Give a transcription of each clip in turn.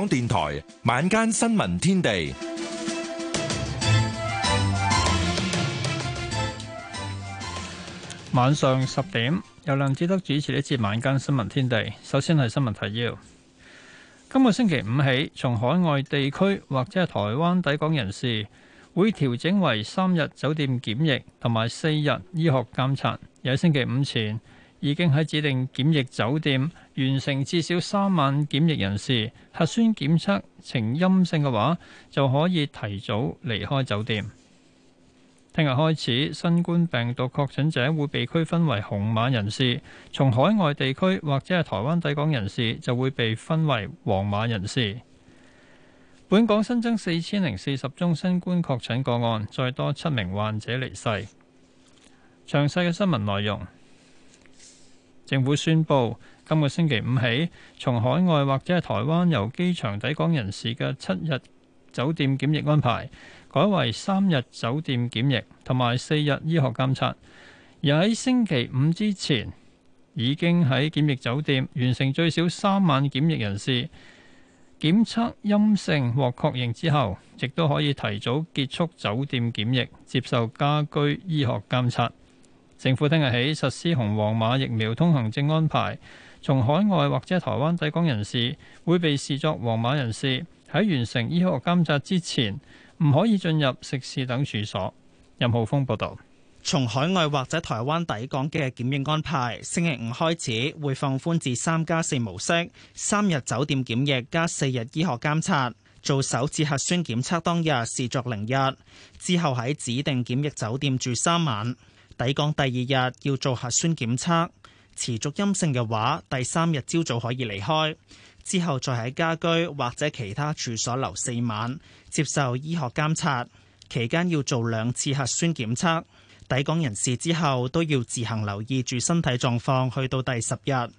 港電台晚間新聞天地，晚上十點由梁志德主持呢節晚間新聞天地。首先係新聞提要，今個星期五起，從海外地區或者係台灣抵港人士，會調整為三日酒店檢疫同埋四日醫學監察，又喺星期五前。已經喺指定檢疫酒店完成至少三晚檢疫人士核酸檢測呈陰性嘅話，就可以提早離開酒店。聽日開始，新冠病毒確診者會被區分為紅碼人士，從海外地區或者係台灣抵港人士就會被分為黃碼人士。本港新增四千零四十宗新冠確診個案，再多七名患者離世。詳細嘅新聞內容。政府宣布，今個星期五起，從海外或者係台灣由機場抵港人士嘅七日酒店檢疫安排，改為三日酒店檢疫同埋四日醫學監察。而喺星期五之前已經喺檢疫酒店完成最少三晚檢疫人士，檢測陰性或確認之後，亦都可以提早結束酒店檢疫，接受家居醫學監察。政府聽日起實施紅黃碼疫苗通行證安排，從海外或者台灣抵港人士會被視作黃碼人士，喺完成醫學監察之前，唔可以進入食肆等處所。任浩峰報導。從海外或者台灣抵港嘅檢疫安排，星期五開始會放寬至三加四模式，三日酒店檢疫加四日醫學監察。做首次核酸檢測當日視作零日，之後喺指定檢疫酒店住三晚。抵港第二日要做核酸檢測，持續陰性嘅話，第三日朝早可以離開，之後再喺家居或者其他處所留四晚，接受醫學監察，期間要做兩次核酸檢測。抵港人士之後都要自行留意住身體狀況，去到第十日、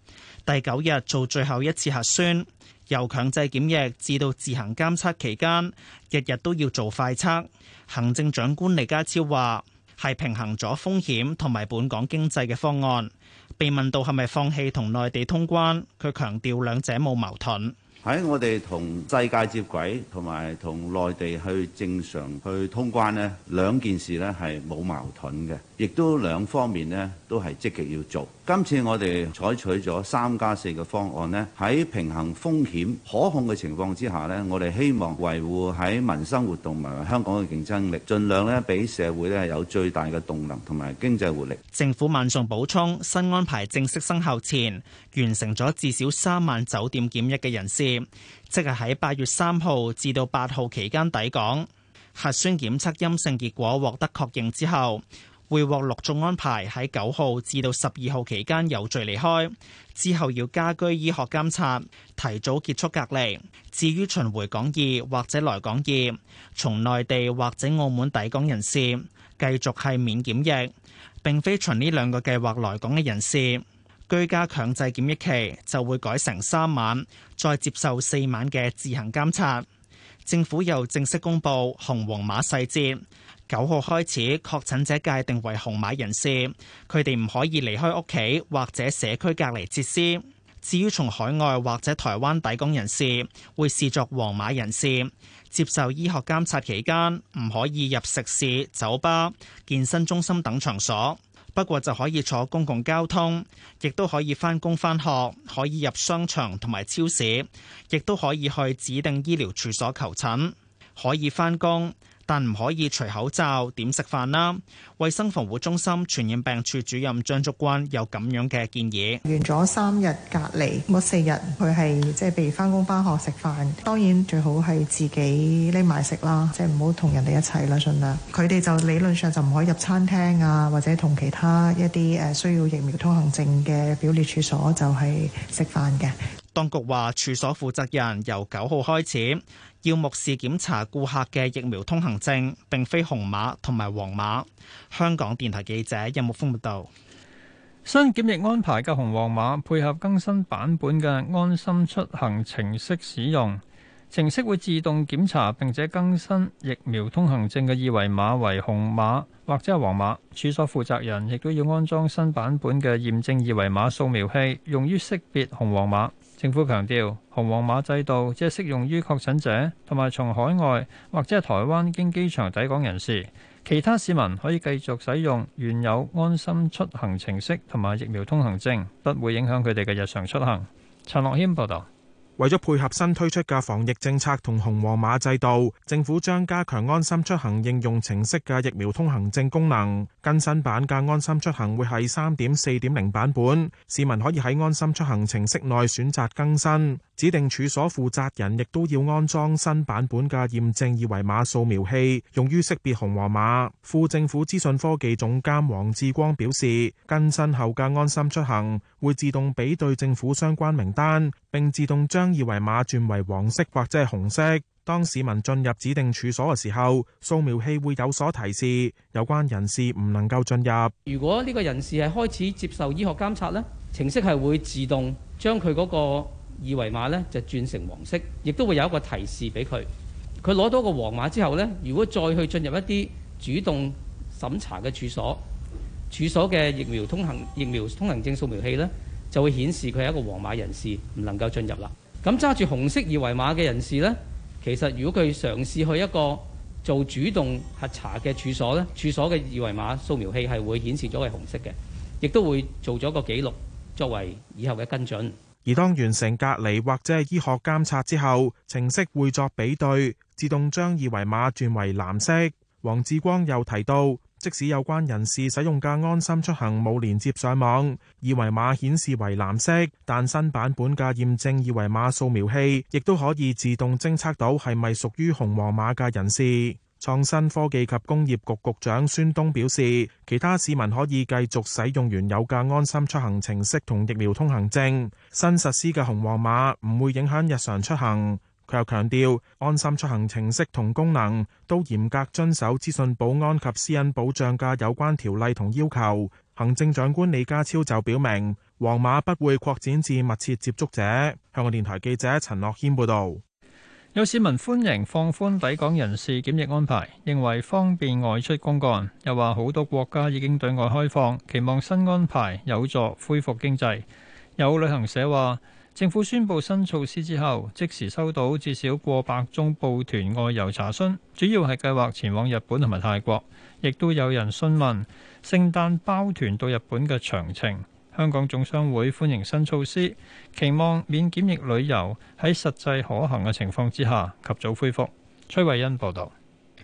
第九日做最後一次核酸，由強制檢疫至到自行監測期間，日日都要做快測。行政長官李家超話。係平衡咗風險同埋本港經濟嘅方案。被問到係咪放棄同內地通關，佢強調兩者冇矛盾。喺我哋同世界接軌同埋同內地去正常去通關，呢兩件事咧係冇矛盾嘅。亦都兩方面咧，都係積極要做。今次我哋採取咗三加四嘅方案咧，喺平衡風險可控嘅情況之下咧，我哋希望維護喺民生活動同埋香港嘅競爭力，盡量咧俾社會咧有最大嘅動能同埋經濟活力。政府晚上補充，新安排正式生效前，完成咗至少三晚酒店檢疫嘅人士，即係喺八月三號至到八號期間抵港，核酸檢測陰性結果獲得確認之後，會獲陸續安排喺九號至到十二號期間有序離開，之後要家居醫學監察，提早結束隔離。至於循回港易或者來港易，從內地或者澳門抵港人士，繼續係免檢疫，并非循呢兩個計劃來港嘅人士，居家強制檢疫期就會改成三晚，再接受四晚嘅自行監察。政府又正式公布紅黃碼細節。九號開始，確診者界定為紅碼人士，佢哋唔可以離開屋企或者社區隔離設施。至於從海外或者台灣抵港人士，會視作黃碼人士，接受醫學監察期間，唔可以入食肆、酒吧、健身中心等場所。不過就可以坐公共交通，亦都可以返工返學，可以入商場同埋超市，亦都可以去指定醫療處所求診，可以返工。但唔可以除口罩，點食飯啦？衛生防護中心傳染病處主任張竹君有咁樣嘅建議。完咗三日隔離，咁四日佢係即係譬如返工、返學食飯，當然最好係自己匿埋食啦，即係唔好同人哋一齊啦，儘量。佢哋就理論上就唔可以入餐廳啊，或者同其他一啲誒需要疫苗通行證嘅表列處所就係食飯嘅。當局話，處所負責人由九號開始。要目視檢查顧客嘅疫苗通行證，並非紅碼同埋黃碼。香港電台記者任木峰報道。新檢疫安排嘅紅黃碼配合更新版本嘅安心出行程式使用。程式會自動檢查並且更新疫苗通行證嘅二維碼為紅碼或者係黃碼。處所負責人亦都要安裝新版本嘅驗證二維碼掃描器，用於識別紅黃碼。政府強調，紅黃碼制度只適用於確診者同埋從海外或者係台灣經機場抵港人士。其他市民可以繼續使用原有安心出行程式同埋疫苗通行證，不會影響佢哋嘅日常出行。陳樂軒報導。為咗配合新推出嘅防疫政策同紅黃碼制度，政府將加強安心出行應用程式嘅疫苗通行證功能。更新版嘅安心出行會係三點四點零版本，市民可以喺安心出行程式內選擇更新。指定處所負責人亦都要安裝新版本嘅驗證二維碼掃描器，用於識別紅黃碼。副政府資訊科技總監黃志光表示，更新後嘅安心出行會自動比對政府相關名單，并自動將二維碼轉為黃色或者係紅色。當市民進入指定處所嘅時候，掃描器會有所提示，有關人士唔能夠進入。如果呢個人士係開始接受醫學監察呢，程式係會自動將佢嗰個。二維碼咧就轉成黃色，亦都會有一個提示俾佢。佢攞到個黃碼之後呢，如果再去進入一啲主動審查嘅處所，處所嘅疫苗通行疫苗通行證掃描器呢，就會顯示佢係一個黃碼人士，唔能夠進入啦。咁揸住紅色二維碼嘅人士呢，其實如果佢嘗試去一個做主動核查嘅處所，呢處所嘅二維碼掃描器係會顯示咗係紅色嘅，亦都會做咗個記錄作為以後嘅跟進。而當完成隔離或者係醫學監察之後，程式會作比對，自動將二維碼轉為藍色。黃志光又提到，即使有關人士使用嘅安心出行冇連接上網，二維碼顯示為藍色，但新版本嘅驗證二維碼掃描器亦都可以自動偵測到係咪屬於紅黃碼嘅人士。創新科技及工業局局長孫東表示，其他市民可以繼續使用原有嘅安心出行程式同疫苗通行證。新實施嘅紅黃碼唔會影響日常出行。佢又強調，安心出行程式同功能都嚴格遵守資訊保安及私隱保障嘅有關條例同要求。行政長官李家超就表明，黃碼不會擴展至密切接觸者。香港電台記者陳樂軒報導。有市民歡迎放寬抵港人士檢疫安排，認為方便外出公幹。又話好多國家已經對外開放，期望新安排有助恢復經濟。有旅行社話，政府宣布新措施之後，即時收到至少過百宗報團外遊查詢，主要係計劃前往日本同埋泰國。亦都有人詢問聖誕包團到日本嘅詳情。香港總商會歡迎新措施，期望免檢疫旅遊喺實際可行嘅情況之下及早恢復。崔慧欣報道。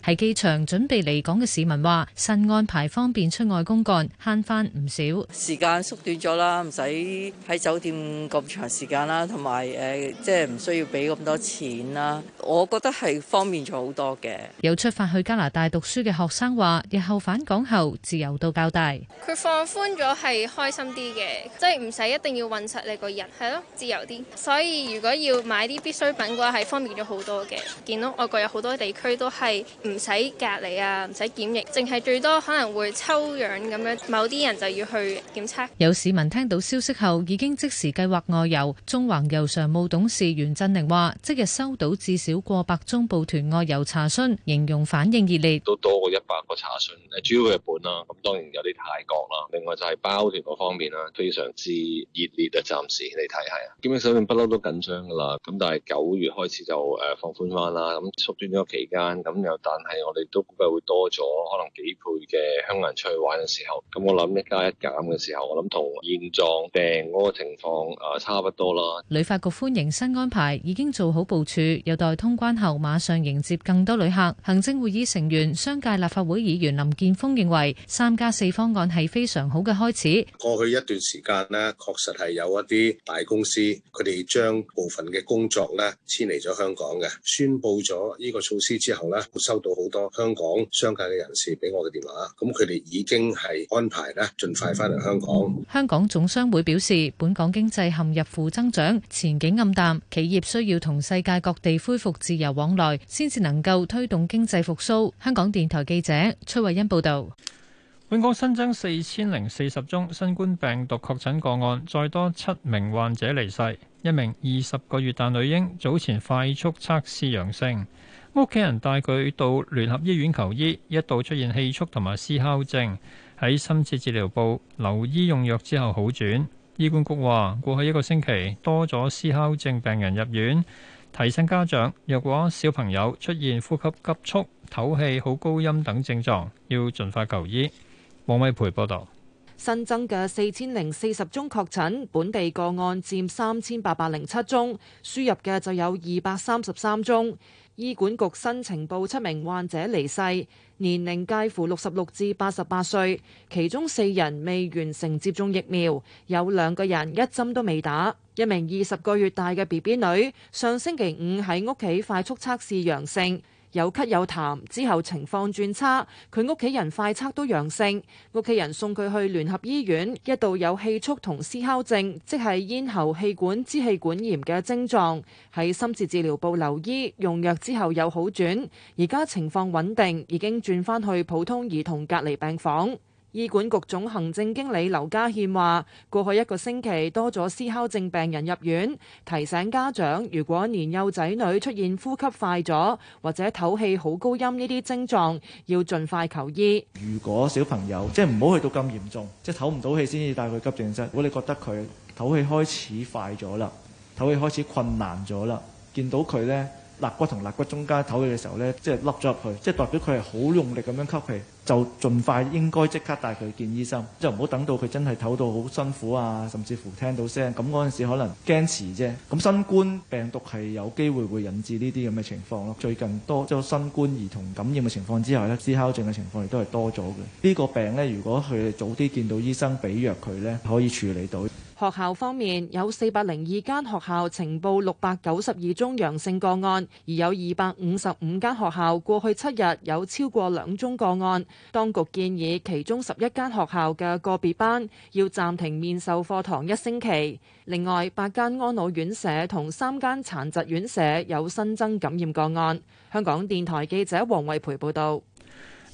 喺機場準備離港嘅市民話：新安排方便出外公幹，慳翻唔少。時間縮短咗啦，唔使喺酒店咁長時間啦，同埋誒，即係唔需要俾咁多錢啦。我覺得係方便咗好多嘅。有出發去加拿大讀書嘅學生話：日後返港後自由度較大。佢放寬咗係開心啲嘅，即係唔使一定要運實你個人，係咯，自由啲。所以如果要買啲必需品嘅話，係方便咗好多嘅。見到外國有好多地區都係。唔使隔離啊，唔使檢疫，淨係最多可能會抽樣咁樣，某啲人就要去檢測。有市民聽到消息後已經即時計劃外遊。中環遊常務董事袁振寧話，即日收到至少過百宗部團外遊查詢，形容反應熱烈。都多過一百個查詢，誒主要日本啦，咁當然有啲泰國啦，另外就係包團嗰方面啦，非常之熱烈啊！暫時你睇下啊，今年首年不嬲都緊張㗎喇，咁但係九月開始就誒放寬返啦，咁縮短咗期間，咁又大。但係我哋都估計會多咗可能幾倍嘅香港人出去玩嘅時候，咁我諗一加一減嘅時候，我諗同現狀訂嗰個情況誒差不多啦。旅發局歡迎新安排，已經做好部署，有待通關後馬上迎接更多旅客。行政會議成員、商界立法會議員林健鋒認為，三加四方案係非常好嘅開始。過去一段時間咧，確實係有一啲大公司佢哋將部分嘅工作咧遷離咗香港嘅。宣布咗呢個措施之後咧，會收到。有好多香港商界嘅人士俾我嘅電話，咁佢哋已經係安排啦，盡快返嚟香港。香港總商會表示，本港經濟陷入負增長，前景暗淡，企業需要同世界各地恢復自由往來，先至能夠推動經濟復甦。香港電台記者崔慧欣報道，本港新增四千零四十宗新冠病毒確診個案，再多七名患者離世，一名二十個月大女嬰早前快速測試陽性。屋企人帶佢到聯合醫院求醫，一度出現氣促同埋哮吼症，喺深切治療部留醫用藥之後好轉。醫管局話：過去一個星期多咗哮吼症病人入院，提醒家長，若果小朋友出現呼吸急促、唞氣好高音等症狀，要盡快求醫。王偉培報導，新增嘅四千零四十宗確診，本地個案佔三千八百零七宗，輸入嘅就有二百三十三宗。醫管局新呈報，七名患者離世，年齡介乎六十六至八十八歲，其中四人未完成接種疫苗，有兩個人一針都未打。一名二十個月大嘅 BB 女，上星期五喺屋企快速測試陽性。有咳有痰，之後情況轉差，佢屋企人快測都陽性，屋企人送佢去聯合醫院，一度有氣促同哮吼症，即係咽喉氣管支氣管炎嘅症狀，喺深切治療部留醫，用藥之後有好轉，而家情況穩定，已經轉返去普通兒童隔離病房。醫管局總行政經理劉家獻話：過去一個星期多咗哮吼症病人入院，提醒家長，如果年幼仔女出現呼吸快咗或者唞氣好高音呢啲症狀，要盡快求醫。如果小朋友即係唔好去到咁嚴重，即係唞唔到氣先至帶佢急症室。如果你覺得佢唞氣開始快咗啦，唞氣開始困難咗啦，見到佢呢。肋骨同肋骨中間唞嘅時候呢，即係凹咗入去，即係代表佢係好用力咁樣吸氣，就盡快應該即刻帶佢去見醫生，就唔好等到佢真係唞到好辛苦啊，甚至乎聽到聲，咁嗰陣時可能驚遲啫。咁新冠病毒係有機會會引致呢啲咁嘅情況咯。最近多咗新冠兒童感染嘅情況之下呢，思考症嘅情況亦都係多咗嘅。呢個病呢，如果佢哋早啲見到醫生俾藥佢呢，可以處理到。學校方面有四百零二間學校呈報六百九十二宗陽性個案，而有二百五十五間學校過去七日有超過兩宗個案。當局建議其中十一間學校嘅個別班要暫停面授課堂一星期。另外，八間安老院舍同三間殘疾院舍有新增感染個案。香港電台記者黃慧培報道。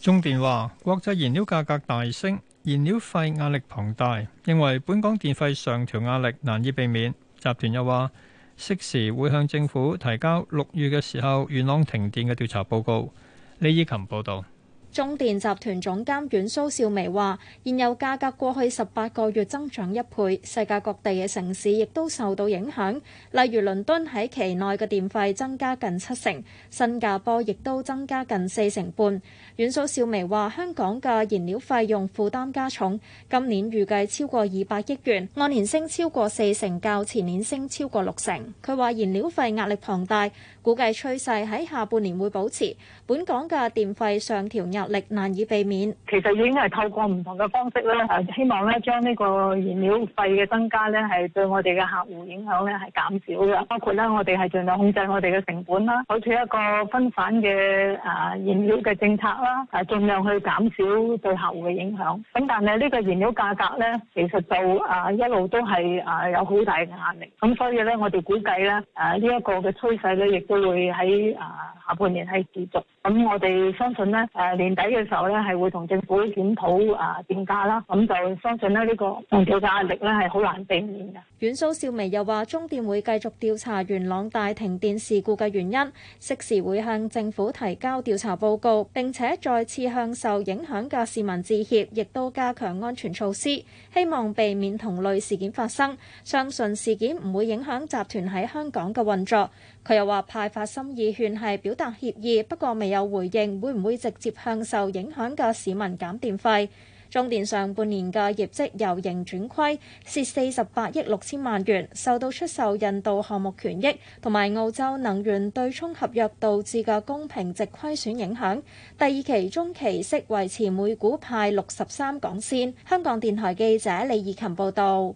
中電話，國際燃料價格大升。燃料費壓力龐大，認為本港電費上調壓力難以避免。集團又話，適時會向政府提交六月嘅時候元朗停電嘅調查報告。李依琴報導。中電集團總監阮蘇少湄話，現有價格過去十八個月增長一倍，世界各地嘅城市亦都受到影響，例如倫敦喺期內嘅電費增加近七成，新加坡亦都增加近四成半。阮蘇少湄話，香港嘅燃料費用負擔加重，今年預計超過二百億元，按年升超過四成，較前年升超過六成。佢話，燃料費壓力龐大，估計趨勢喺下半年會保持。本港嘅電費上調壓。力難以避免。其實已經係透過唔同嘅方式咧，誒、啊，希望咧將呢個燃料費嘅增加咧，係對我哋嘅客戶影響咧係減少嘅。包括咧，我哋係盡量控制我哋嘅成本啦，好似一個分散嘅誒、啊、燃料嘅政策啦，誒、啊，盡量去減少對客戶嘅影響。咁、嗯、但係呢、這個燃料價格咧，其實就誒、啊、一路都係誒、啊、有好大嘅壓力。咁所以咧，我哋估計咧，誒、啊這個、呢一個嘅趨勢咧，亦都會喺誒、啊、下半年係持續。咁我哋相信呢，誒年底嘅時候呢，係會同政府檢討啊定價啦，咁就相信呢，呢個降調價壓力呢，係好難避免嘅。阮蘇、嗯、少微又話，中電會繼續調查元朗大停電事故嘅原因，適時會向政府提交調查報告，並且再次向受影響嘅市民致歉，亦都加強安全措施，希望避免同類事件發生。相信事件唔會影響集團喺香港嘅運作。佢又話派發心意券係表達歉意，不過未有回應會唔會直接向受影響嘅市民減電費。中電上半年嘅業績由盈轉虧，蝕四十八億六千萬元，受到出售印度項目權益同埋澳洲能源對沖合約導致嘅公平值虧損影響。第二期中期息維持每股派六十三港仙。香港電台記者李以琴報道。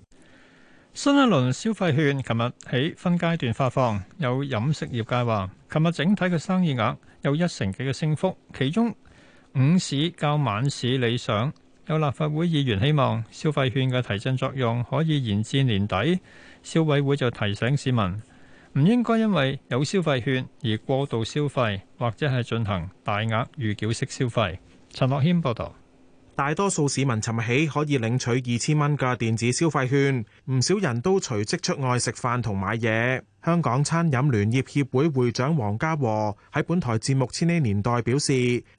新一輪消費券琴日起分階段發放，有飲食業界話，琴日整體嘅生意額有一成幾嘅升幅，其中午市較晚市理想。有立法會議員希望消費券嘅提振作用可以延至年底。消委會就提醒市民，唔應該因為有消費券而過度消費，或者係進行大額預繳式消費。陳樂軒報導。大多數市民尋日起可以領取二千蚊嘅電子消費券，唔少人都隨即出外食飯同買嘢。香港餐飲聯業協會會長黃家和喺本台節目《千禧年代》表示，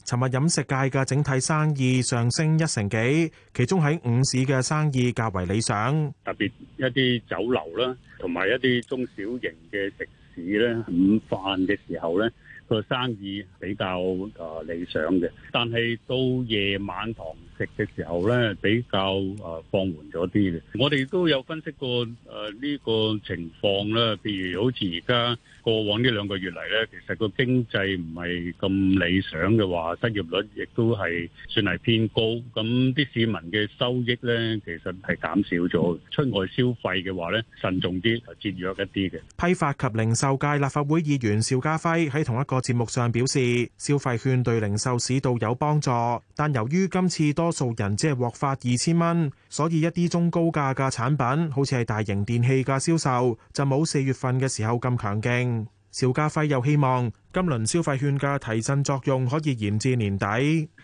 尋日飲食界嘅整體生意上升一成幾，其中喺午市嘅生意較為理想，特別一啲酒樓啦，同埋一啲中小型嘅食肆咧，午飯嘅時候咧。個生意比較誒理想嘅，但係到夜晚堂食嘅時候咧，比較誒放緩咗啲嘅。我哋都有分析過誒呢個情況啦，譬如好似而家過往呢兩個月嚟咧，其實個經濟唔係咁理想嘅話，失業率亦都係算係偏高，咁啲市民嘅收益咧，其實係減少咗。出外消費嘅話咧，慎重啲，就節約一啲嘅。批發及零售界立法會議員邵家輝喺同一個。個節目上表示，消費券對零售市道有幫助，但由於今次多數人只係獲發二千蚊，所以一啲中高價嘅產品，好似係大型電器嘅銷售，就冇四月份嘅時候咁強勁。邵家輝又希望，今輪消費券嘅提振作用可以延至年底，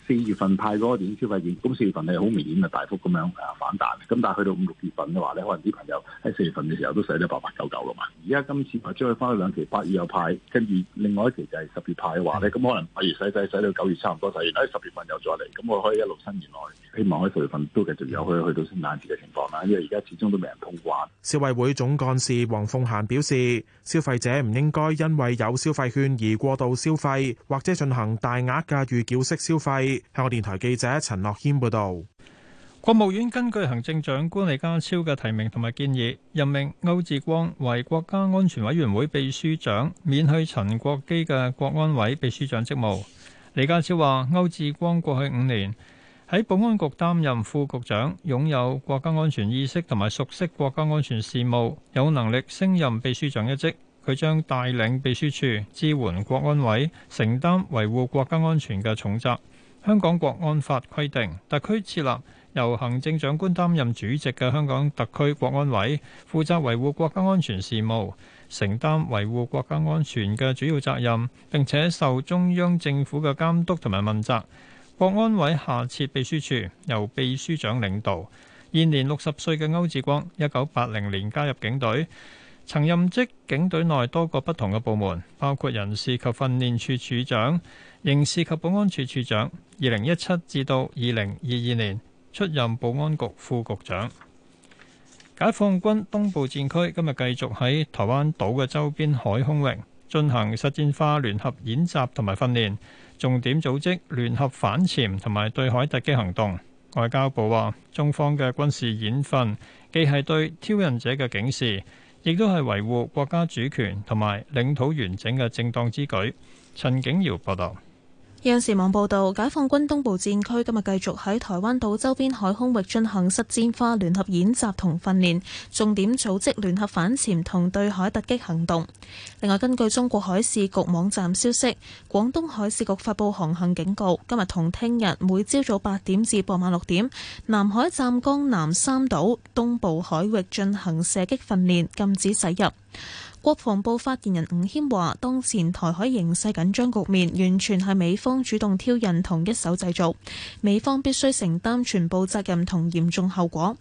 四。四月份派嗰個啲消費券，咁四月份係好明顯啊大幅咁樣啊反彈。咁但係去到五六月份嘅話咧，可能啲朋友喺四月份嘅時候都使得八八九九啦嘛。而家今次話將佢分去兩期，八月又派，跟住另外一期就係十月派嘅話咧，咁可能八月使使使到九月差唔多，使完喺十月份又再嚟，咁我可以一路伸延落去，希望喺十月份都繼續有去去到聖誕節嘅情況啦。因為而家始終都未有人通關。消委會總幹事黃鳳嫻表示，消費者唔應該因為有消費券而過度消費或者進行大額嘅預繳式消費。香港電台記者陳樂謙報道。國務院根據行政長官李家超嘅提名同埋建議，任命歐志光為國家安全委員會秘書長，免去陳國基嘅國安委秘書長職務。李家超話：歐志光過去五年喺保安局擔任副局長，擁有國家安全意識同埋熟悉國家安全事務，有能力升任秘書長一職。佢將帶領秘書處支援國安委，承擔維護國家安全嘅重責。香港國安法規定，特區設立由行政長官擔任主席嘅香港特區國安委，負責維護國家安全事務，承擔維護國家安全嘅主要責任，並且受中央政府嘅監督同埋問責。國安委下設秘書處，由秘書長領導。現年六十歲嘅歐志光，一九八零年加入警隊。曾任職警隊內多個不同嘅部門，包括人事及訓練處處長、刑事及保安處處長。二零一七至到二零二二年出任保安局副局長。解放軍東部戰區今日繼續喺台灣島嘅周邊海空域進行實戰化聯合演習同埋訓練，重點組織聯合反潛同埋對海突擊行動。外交部話，中方嘅軍事演訓既係對挑釁者嘅警示，亦都係維護國家主權同埋領土完整嘅正當之舉。陳景瑤報道。央視網報道，解放軍東部戰區今日繼續喺台灣島周邊海空域進行實戰化聯合演習同訓練，重點組織聯合反潛同對海突擊行動。另外，根據中國海事局網站消息，廣東海事局發布航行警告，今日同聽日每朝早八點至傍晚六點，南海湛江南三島東部海域進行射擊訓練，禁止駛入。國防部發言人吳謙話，當前台海形勢緊張局面完全係美方主動挑釁同一手製造，美方必須承擔全部責任同嚴重後果。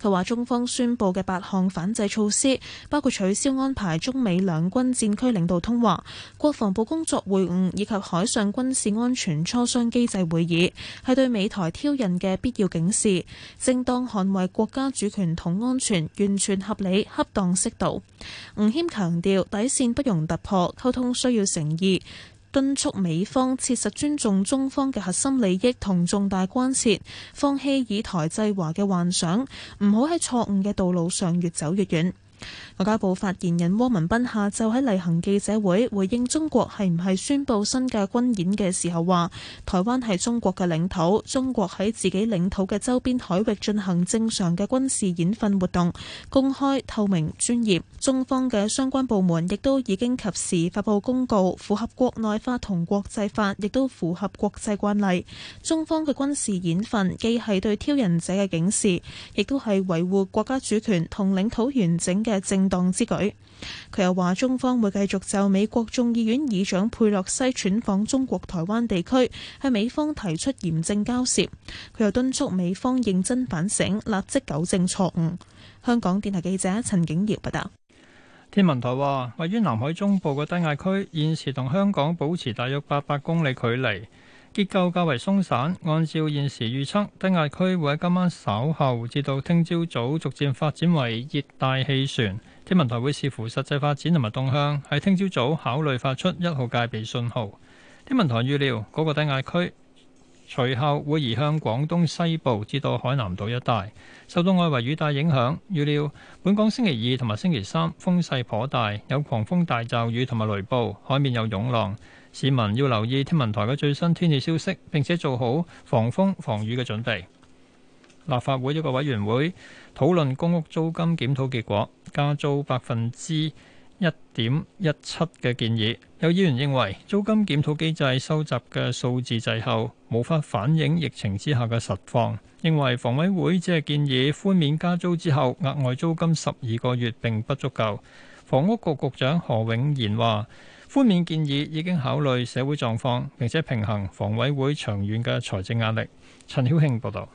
佢話：中方宣布嘅八項反制措施，包括取消安排中美兩軍戰區領導通話、國防部工作會晤以及海上軍事安全磋商機制會議，係對美台挑釁嘅必要警示，正當捍衛國家主權同安全，完全合理、恰當、適度。吳謙強調，底線不容突破，溝通需要誠意。敦促美方切實尊重中方嘅核心利益同重大關切，放棄以台制華嘅幻想，唔好喺錯誤嘅道路上越走越遠。外交部發言人汪文斌下晝喺例行記者會回應中國係唔係宣布新嘅軍演嘅時候話：台灣係中國嘅領土，中國喺自己領土嘅周邊海域進行正常嘅軍事演訓活動，公開、透明、專業。中方嘅相關部門亦都已經及時發布公告，符合國內法同國際法，亦都符合國際慣例。中方嘅軍事演訓既係對挑釁者嘅警示，亦都係維護國家主權同領土完整嘅。嘅正當之舉。佢又話：中方會繼續就美國眾議院議長佩洛西竄訪中國台灣地區，向美方提出嚴正交涉。佢又敦促美方認真反省，立即糾正錯誤。香港電台記者陳景堯報道。天文台話，位於南海中部嘅低壓區，現時同香港保持大約八百公里距離。結構較為鬆散，按照現時預測，低壓區會喺今晚稍後至到聽朝早逐漸發展為熱帶氣旋。天文台會視乎實際發展同埋動向，喺聽朝早考慮發出一號戒備信號。天文台預料嗰個低壓區隨後會移向廣東西部至到海南島一帶，受到外圍雨帶影響。預料本港星期二同埋星期三風勢頗大，有狂風大驟雨同埋雷暴，海面有湧浪。市民要留意天文台嘅最新天氣消息，並且做好防風防雨嘅準備。立法會一個委員會討論公屋租金檢討結果，加租百分之一點一七嘅建議。有議員認為租金檢討機制收集嘅數字滯後，無法反映疫情之下嘅實況，認為房委會只係建議寬免加租之後，額外租金十二個月並不足夠。房屋局局長何永賢話。豁免建議已經考慮社會狀況，並且平衡房委會長遠嘅財政壓力。陳曉慶報道，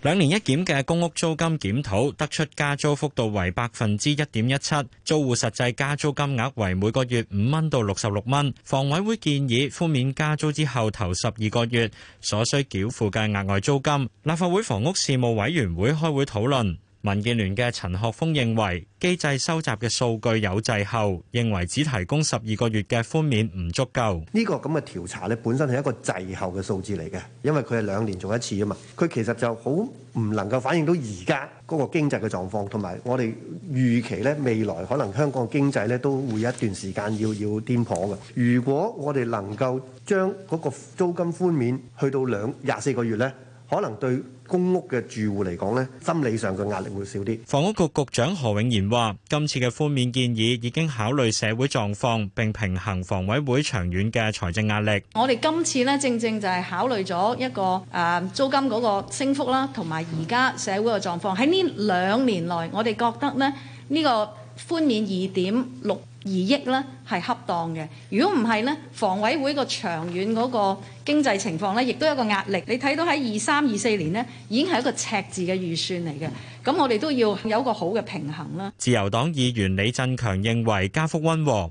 兩年一檢嘅公屋租金檢討得出加租幅度為百分之一點一七，租戶實際加租金額為每個月五蚊到六十六蚊。房委會建議豁免加租之後頭十二個月所需繳付嘅額外租金，立法會房屋事務委員會開會討論。民建聯嘅陳學鋒認為機制收集嘅數據有滯後，認為只提供十二個月嘅寬免唔足夠。呢個咁嘅調查咧，本身係一個滯後嘅數字嚟嘅，因為佢係兩年做一次啊嘛。佢其實就好唔能夠反映到而家嗰個經濟嘅狀況，同埋我哋預期咧未來可能香港經濟咧都會有一段時間要要顛簸嘅。如果我哋能夠將嗰個租金寬免去到兩廿四個月咧，可能對公屋嘅住戶嚟講呢，心理上嘅壓力會少啲。房屋局局長何永賢話：今次嘅寬免建議已經考慮社會狀況，並平衡房委會長遠嘅財政壓力。我哋今次呢，正正就係考慮咗一個誒、啊、租金嗰個升幅啦，同埋而家社會嘅狀況。喺呢兩年內，我哋覺得咧呢、呢個寬免二點六。二億咧係恰當嘅，如果唔係咧，房委會個長遠嗰個經濟情況咧，亦都有一個壓力。你睇到喺二三二四年咧，已經係一個赤字嘅預算嚟嘅，咁我哋都要有個好嘅平衡啦。自由黨議員李振強認為加幅溫和。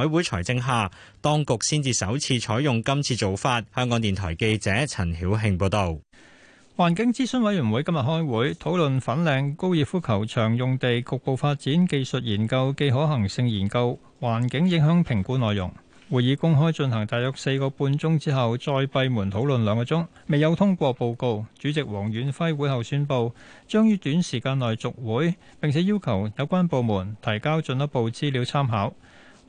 委會財政下，當局先至首次採用今次做法。香港電台記者陳曉慶報道。環境諮詢委員會今日開會討論粉嶺高爾夫球場用地局部發展技術研究既可行性研究環境影響評估內容。會議公開進行大約四個半鐘之後，再閉門討論兩個鐘，未有通過報告。主席黃遠輝會後宣布，將於短時間內續會，並且要求有關部門提交進一步資料參考。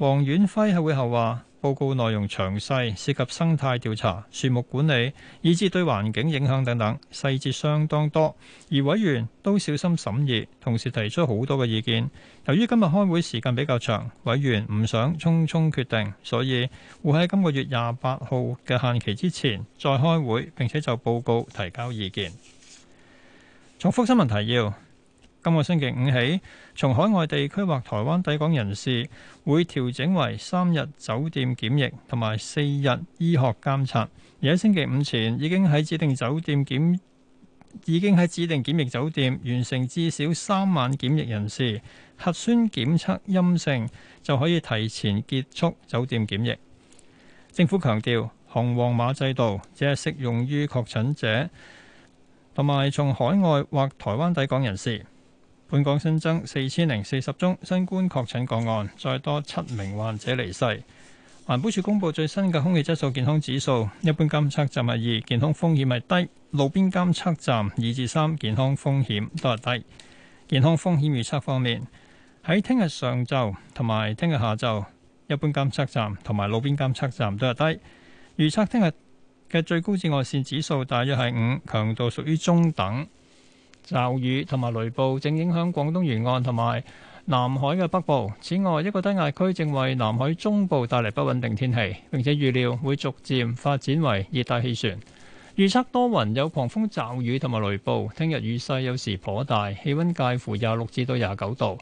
黃遠輝喺會後話：報告內容詳細，涉及生態調查、樹木管理，以至對環境影響等等，細節相當多。而委員都小心審議，同時提出好多嘅意見。由於今日開會時間比較長，委員唔想匆匆決定，所以會喺今個月廿八號嘅限期之前再開會，並且就報告提交意見。重複新聞提要。今個星期五起，從海外地區或台灣抵港人士會調整為三日酒店檢疫，同埋四日醫學監察。而喺星期五前已經喺指定酒店檢已經喺指定檢疫酒店完成至少三晚檢疫人士，核酸檢測陰性，就可以提前結束酒店檢疫。政府強調紅黃碼制度只係適用於確診者同埋從海外或台灣抵港人士。本港新增四千零四十宗新冠確診個案，再多七名患者離世。環保署公布最新嘅空氣質素健康指數，一般監測站係二，健康風險係低；路邊監測站二至三，健康風險都係低。健康風險預測方面，喺聽日上晝同埋聽日下晝，一般監測站同埋路邊監測站都係低。預測聽日嘅最高紫外線指數大約係五，強度屬於中等。驟雨同埋雷暴正影響廣東沿岸同埋南海嘅北部。此外，一個低壓區正為南海中部帶嚟不穩定天氣，並且預料會逐漸發展為熱帶氣旋。預測多雲，有狂風、驟雨同埋雷暴。聽日雨勢有時頗大，氣温介乎廿六至到廿九度，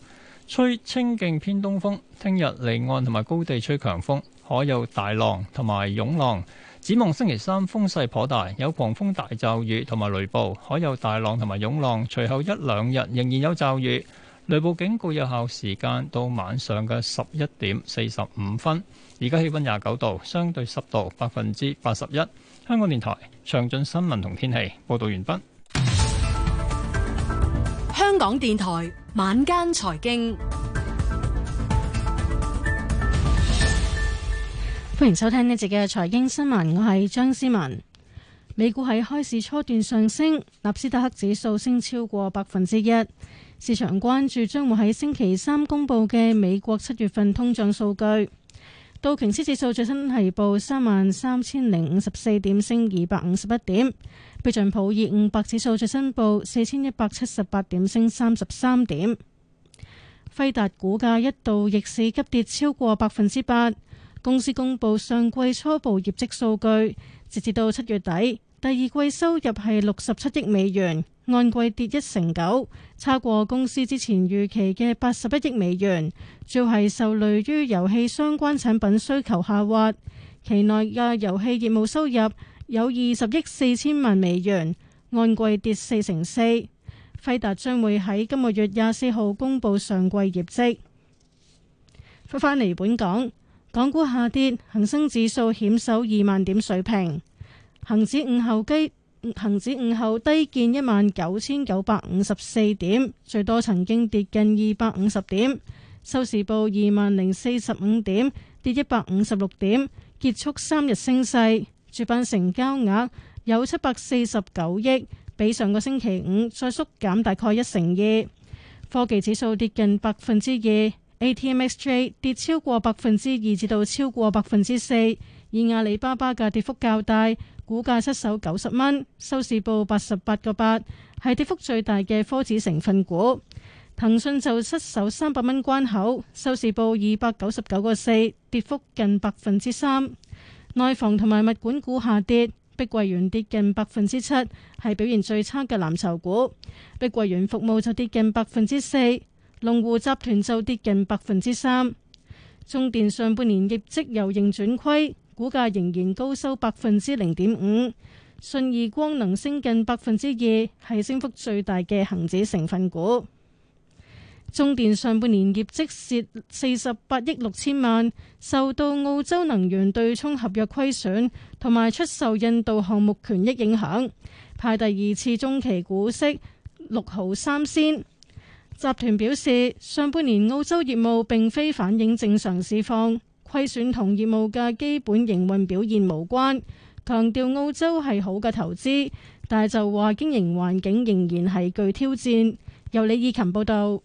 吹清勁偏東風。聽日離岸同埋高地吹強風，可有大浪同埋湧浪。展望星期三風勢頗大，有狂風大驟雨同埋雷暴，海有大浪同埋湧浪。隨後一兩日仍然有驟雨。雷暴警告有效時間到晚上嘅十一點四十五分。而家氣温廿九度，相對濕度百分之八十一。香港電台詳盡新聞同天氣報道完畢。香港電台晚間財經。歡迎收聽呢節嘅財經新聞，我係張思文。美股喺開市初段上升，納斯達克指數升超過百分之一。市場關注將會喺星期三公布嘅美國七月份通脹數據。道瓊斯指數最新係報三萬三千零五十四點，升二百五十一點。標準普爾五百指數最新報四千一百七十八點，升三十三點。輝達股價一度逆市急跌超過百分之八。公司公布上季初步業績數據，截至到七月底，第二季收入係六十七億美元，按季跌一成九，差過公司之前預期嘅八十一億美元，主要係受累於遊戲相關產品需求下滑。期內嘅遊戲業務收入有二十億四千萬美元，按季跌四成四。輝達將會喺今個月廿四號公布上季業績。翻返嚟本港。港股下跌，恒生指數險守二萬點水平。恒指午後低恒指午後低見一萬九千九百五十四點，最多曾經跌近二百五十點。收市報二萬零四十五點，跌一百五十六點，結束三日升勢。主板成交額有七百四十九億，比上個星期五再縮減大概一成二。科技指數跌近百分之二。ATMXJ 跌超過百分之二至到超過百分之四，而阿里巴巴嘅跌幅較大，股價失守九十蚊，收市報八十八個八，係跌幅最大嘅科指成分股。騰訊就失守三百蚊關口，收市報二百九十九個四，跌幅近百分之三。內房同埋物管股下跌，碧桂園跌近百分之七，係表現最差嘅藍籌股。碧桂園服務就跌近百分之四。龍湖集團就跌近百分之三，中電上半年業績由盈轉虧，股價仍然高收百分之零點五。信義光能升近百分之二，係升幅最大嘅恒指成分股。中電上半年業績蝕四十八億六千萬，受到澳洲能源對沖合約虧損同埋出售印度項目權益影響，派第二次中期股息六毫三仙。集團表示，上半年澳洲業務並非反映正常市況，虧損同業務嘅基本營運表現無關。強調澳洲係好嘅投資，但係就話經營環境仍然係具挑戰。由李以琴報道。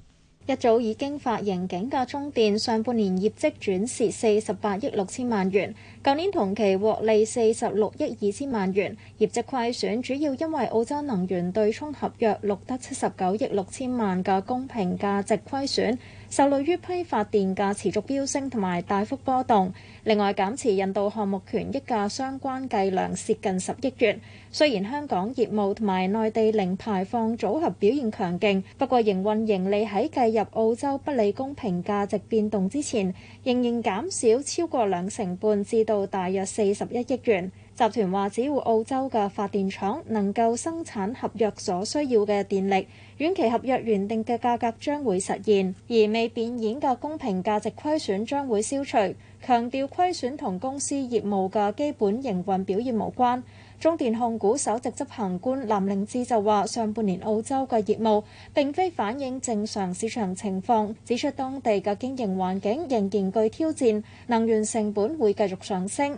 一早已經發盈警嘅中電上半年業績轉蝕四十八億六千萬元，舊年同期獲利四十六億二千萬元，業績虧損主要因為澳洲能源對沖合約錄得七十九億六千萬嘅公平價值虧損。受累於批發電價持續飆升同埋大幅波動，另外減持印度項目權益嘅相關計量涉近十億元。雖然香港業務同埋內地零排放組合表現強勁，不過營運盈利喺計入澳洲不利公平價值變動之前，仍然減少超過兩成半，至到大約四十一億元。集團話：只要澳洲嘅發電廠能夠生產合約所需要嘅電力，遠期合約原定嘅價格將會實現，而未變現嘅公平價值虧損將會消除。強調虧損同公司業務嘅基本營運表現無關。中電控股首席執行官藍凌志就話：上半年澳洲嘅業務並非反映正常市場情況，指出當地嘅經營環境仍然具挑戰，能源成本會繼續上升。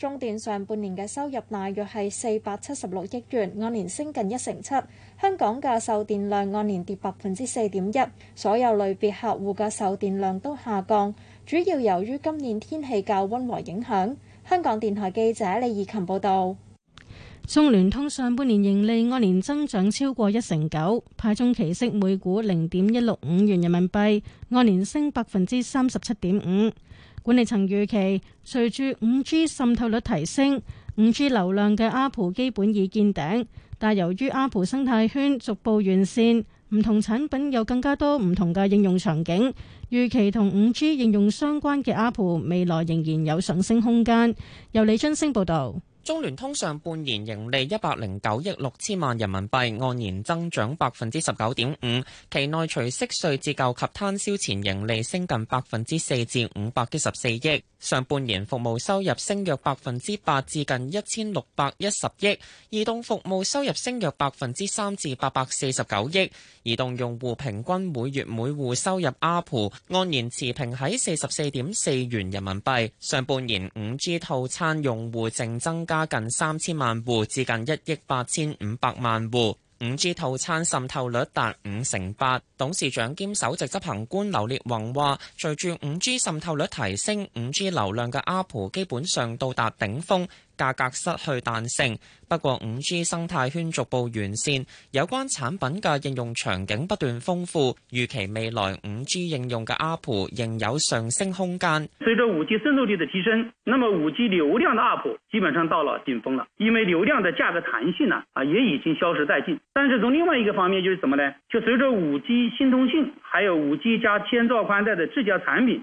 中電上半年嘅收入大約係四百七十六億元，按年升近一成七。香港嘅售電量按年跌百分之四點一，所有類別客戶嘅售電量都下降，主要由於今年天氣較溫和影響。香港電台記者李怡琴報道。中聯通上半年盈利按年增長超過一成九，派中期息每股零點一六五元人民幣，按年升百分之三十七點五。管理層預期，隨住五 G 滲透率提升，五 G 流量嘅 Apple 基本已見頂。但係由於 Apple 生態圈逐步完善，唔同產品有更加多唔同嘅應用場景，預期同五 G 應用相關嘅 Apple 未來仍然有上升空間。由李津升報道。中聯通上半年盈利一百零九億六千萬人民幣，按年增長百分之十九點五。期內除息稅折舊及攤銷前盈利升近百分之四至五百一十四億。上半年服務收入升約百分之八至近一千六百一十億，移動服務收入升約百分之三至八百四十九億。移動用戶平均每月每戶收入 ARPU 按年持平喺四十四點四元人民幣。上半年五 G 套餐用戶淨增加近三千萬戶至近一億八千五百萬戶，五 G 套餐滲透率達五成八。董事長兼首席執行官劉烈宏話：隨住五 G 滲透率提升，五 G 流量嘅 ARPU 基本上到達頂峰。價格失去彈性，不過 5G 生態圈逐步完善，有關產品嘅應用場景不斷豐富，預期未來 5G 應用嘅 App 仍有上升空間。隨着 5G 滲透率的提升，那麼 5G 流量的 App 基本上到了頂峰了，因為流量的價格彈性呢，啊，也已經消失殆盡。但是從另外一個方面，就是什麼呢？就隨着 5G 新通信，還有 5G 加千兆寬帶的智家產品。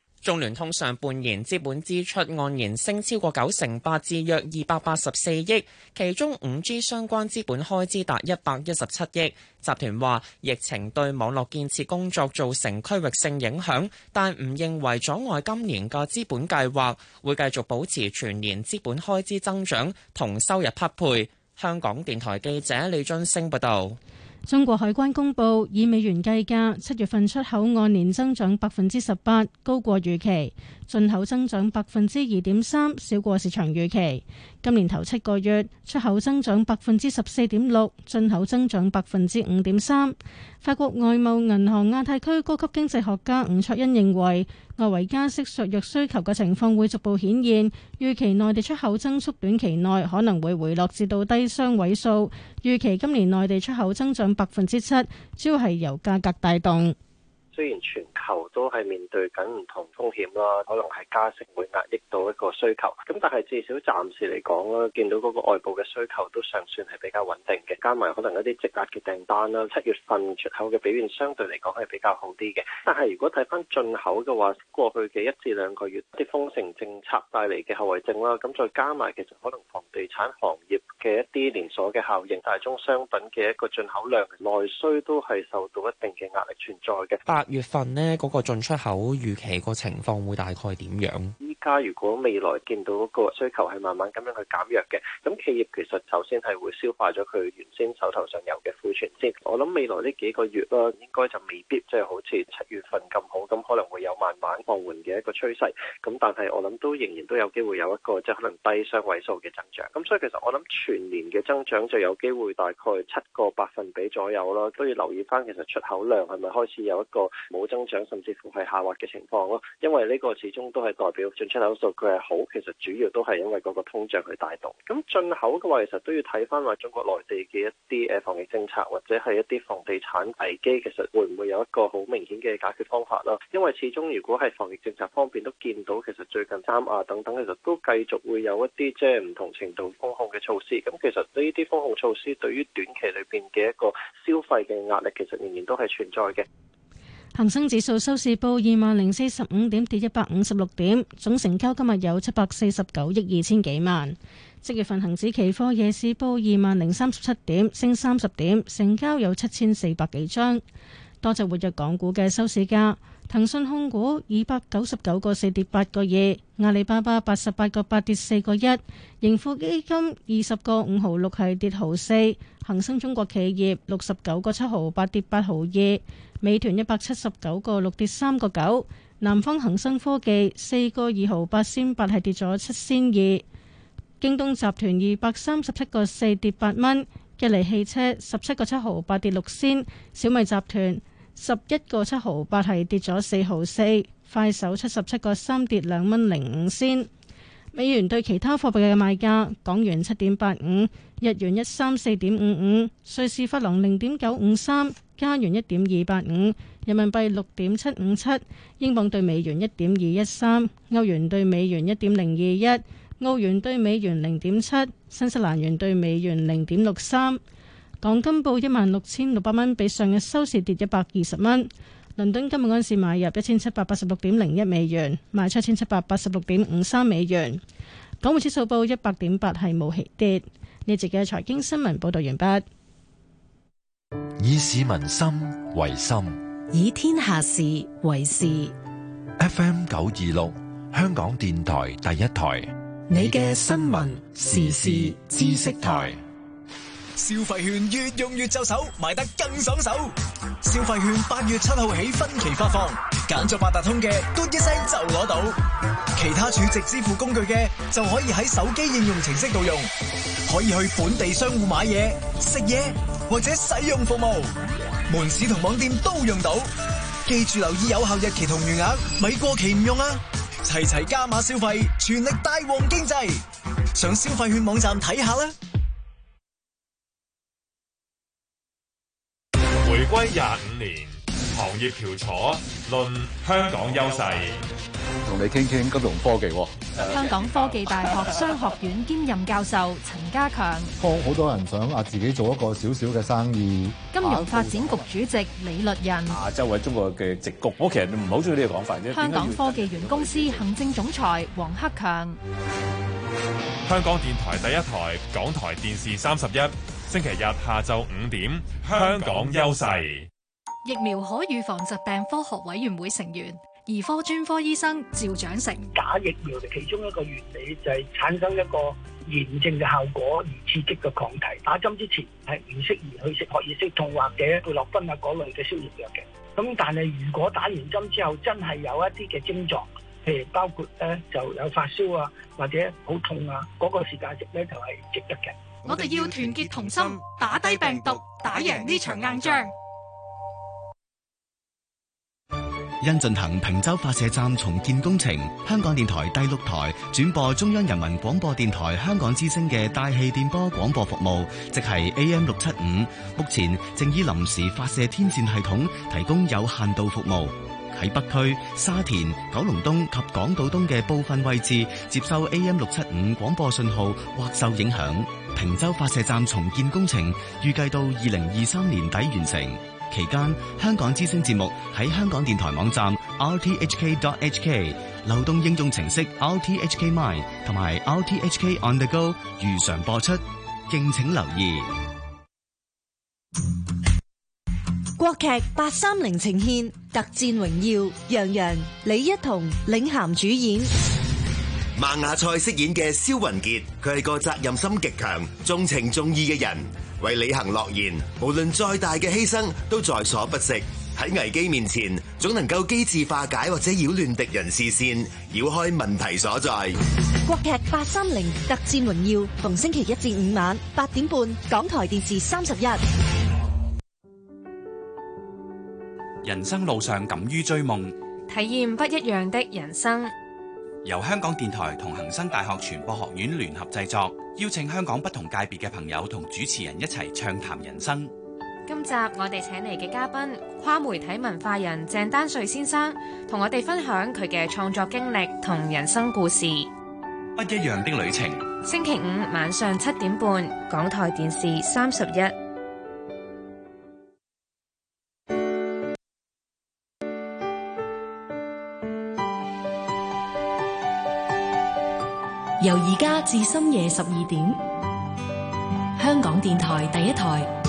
中聯通上半年資本支出按年升超過九成八，至約二百八十四億，其中五 G 相關資本開支達一百一十七億。集團話疫情對網絡建設工作造成區域性影響，但唔認為阻礙今年嘅資本計劃，會繼續保持全年資本開支增長同收入匹配。香港電台記者李津升報道。中國海關公布，以美元計價，七月份出口按年增長百分之十八，高過預期；進口增長百分之二點三，少過市場預期。今年頭七個月，出口增長百分之十四點六，進口增長百分之五點三。法國外貿銀行亞太區高級經濟學家伍卓恩認為。外圍加息削弱需求嘅情況會逐步顯現，預期內地出口增速短期內可能會回落至到低雙位數，預期今年內地出口增長百分之七，主要係由價格帶動。雖然全球都係面對緊唔同風險啦，可能係加息會壓抑到一個需求，咁但係至少暫時嚟講啦，見到嗰個外部嘅需求都尚算係比較穩定嘅，加埋可能一啲積壓嘅訂單啦，七月份出口嘅表現相對嚟講係比較好啲嘅。但係如果睇返進口嘅話，過去嘅一至兩個月啲封城政策帶嚟嘅後遺症啦，咁再加埋其實可能房地產行業嘅一啲連鎖嘅效應、大宗商品嘅一個進口量、內需都係受到一定嘅壓力存在嘅。啊月份呢，嗰個進出口預期個情況會大概點樣？依家，如果未來見到個需求係慢慢咁樣去減弱嘅，咁企業其實首先係會消化咗佢原先，手頭上有嘅庫存先。我諗未來呢幾個月啦，應該就未必即係好似七月份咁好，咁可能會有慢慢放緩嘅一個趨勢。咁但係我諗都仍然都有機會有一個即係可能低雙位數嘅增長，咁所以其實我諗全年嘅增長就有機會大概七個百分比左右啦。都要留意翻，其實出口量係咪開始有一個。冇增長，甚至乎係下滑嘅情況咯。因為呢個始終都係代表進出口數據係好，其實主要都係因為嗰個通脹去帶動。咁進口嘅話，其實都要睇返話中國內地嘅一啲誒防疫政策，或者係一啲房地產危機，其實會唔會有一個好明顯嘅解決方法啦？因為始終如果係防疫政策方面都見到，其實最近三亞等等其實都繼續會有一啲即係唔同程度封控嘅措施。咁其實呢啲封控措施對於短期裏邊嘅一個消費嘅壓力，其實仍然都係存在嘅。恒生指數收市報二萬零四十五點，跌一百五十六點，總成交今日有七百四十九億二千幾萬。即月份恒指期貨夜市報二萬零三十七點，升三十點，成交有七千四百幾張。多隻活躍港股嘅收市價。騰訊控股二百九十九個四跌八個二，阿里巴巴八十八個八跌四個一，盈富基金二十個五毫六係跌毫四，恒生中國企業六十九個七毫八跌八毫二，美團一百七十九個六跌三個九，南方恒生科技四個二毫八先八係跌咗七先二，京東集團二百三十七個四跌八蚊，吉利汽車十七個七毫八跌六先，小米集團。十一個七毫八，係跌咗四毫四。快手七十七個三，跌兩蚊零五先。美元對其他貨幣嘅賣價：港元七點八五，日元一三四點五五，瑞士法郎零點九五三，加元一點二八五，人民幣六點七五七，英鎊對美元一點二一三，歐元對美元一點零二一，澳元對美元零點七，新西蘭元對美元零點六三。港金報一萬六千六百蚊，比上日收市跌一百二十蚊。倫敦金每盎司買入一千七百八十六點零一美元，賣出一千七百八十六點五三美元。港匯指數報一百點八，係冇起跌。呢節嘅財經新聞報道完畢。以市民心為心，以天下事為事。F. M. 九二六，香港電台第一台，你嘅新聞時事知識台。消費券越用越就手，買得更爽手。消費券八月七號起分期發放，揀咗八達通嘅，嘟一聲就攞到；其他儲值支付工具嘅，就可以喺手機應用程式度用。可以去本地商戶買嘢、食嘢或者使用服務，門市同網店都用到。記住留意有效日期同餘額，咪過期唔用啊！齊齊加碼消費，全力帶旺經濟，上消費券網站睇下啦。回歸廿五年，行業翹楚論香港優勢，同你傾傾金融科技、哦。 香港科技大學商學院兼任教授陳家強，好 多人想啊自己做一個小小嘅生意。金融發展局主席李律仁，亞洲喺中國嘅硅谷。我其實唔係好中意呢個講法啫。香港科技園公司行政總裁黃克強。香港電台第一台，港台電視三十一，星期日下晝五點，香港優勢。疫苗可預防疾病科學委員會成員、兒科專科醫生趙長成。假疫苗嘅其中一個原理就係產生一個炎症嘅效果而刺激嘅抗體。打針之前係唔適宜去食撲熱息痛或者布洛芬啊嗰類嘅消炎藥嘅。咁但係如果打完針之後真係有一啲嘅症狀。包括咧就有發燒啊，或者好痛啊，嗰、那個時間值咧就係、是、值得嘅。我哋要團結同心，打低病毒，打贏呢場硬仗。因進行坪洲發射站重建工程，香港電台第六台轉播中央人民廣播電台香港之聲嘅大氣電波廣播服務，即係 AM 六七五。目前正以臨時發射天線系統提供有限度服務。喺北區、沙田、九龍東及港島東嘅部分位置接收 AM 六七五廣播信號或受影響。坪洲發射站重建工程預計到二零二三年底完成，期間香港之聲節目喺香港電台網站 rthk.hk、流動應用程式 rthk mine 同埋 rthk on the go 如常播出，敬請留意。 國劇八三零呈獻特戰榮耀，楊洋、李一桐領銜主演。孟亞賽飾演嘅蕭雲傑，佢係個責任心極強、重情重義嘅人，為履行諾言，無論再大嘅犧牲都在所不惜，喺危機面前，總能夠機智化解或者擾亂敵人視線，繞開問題所在。國劇八三零特戰榮耀，逢星期一至五晚八點半，港台電視三十一。人生路上敢於追夢，體驗不一樣的人生。由香港電台同恒生大學傳播學院聯合製作，邀請香港不同界別嘅朋友同主持人一齊暢談人生。今集我哋請嚟嘅嘉賓，跨媒體文化人鄭丹瑞先生，同我哋分享佢嘅創作經歷同人生故事。不一樣的旅程。星期五晚上七點半，港台電視三十一。由而家至深夜十二點，香港電台第一台。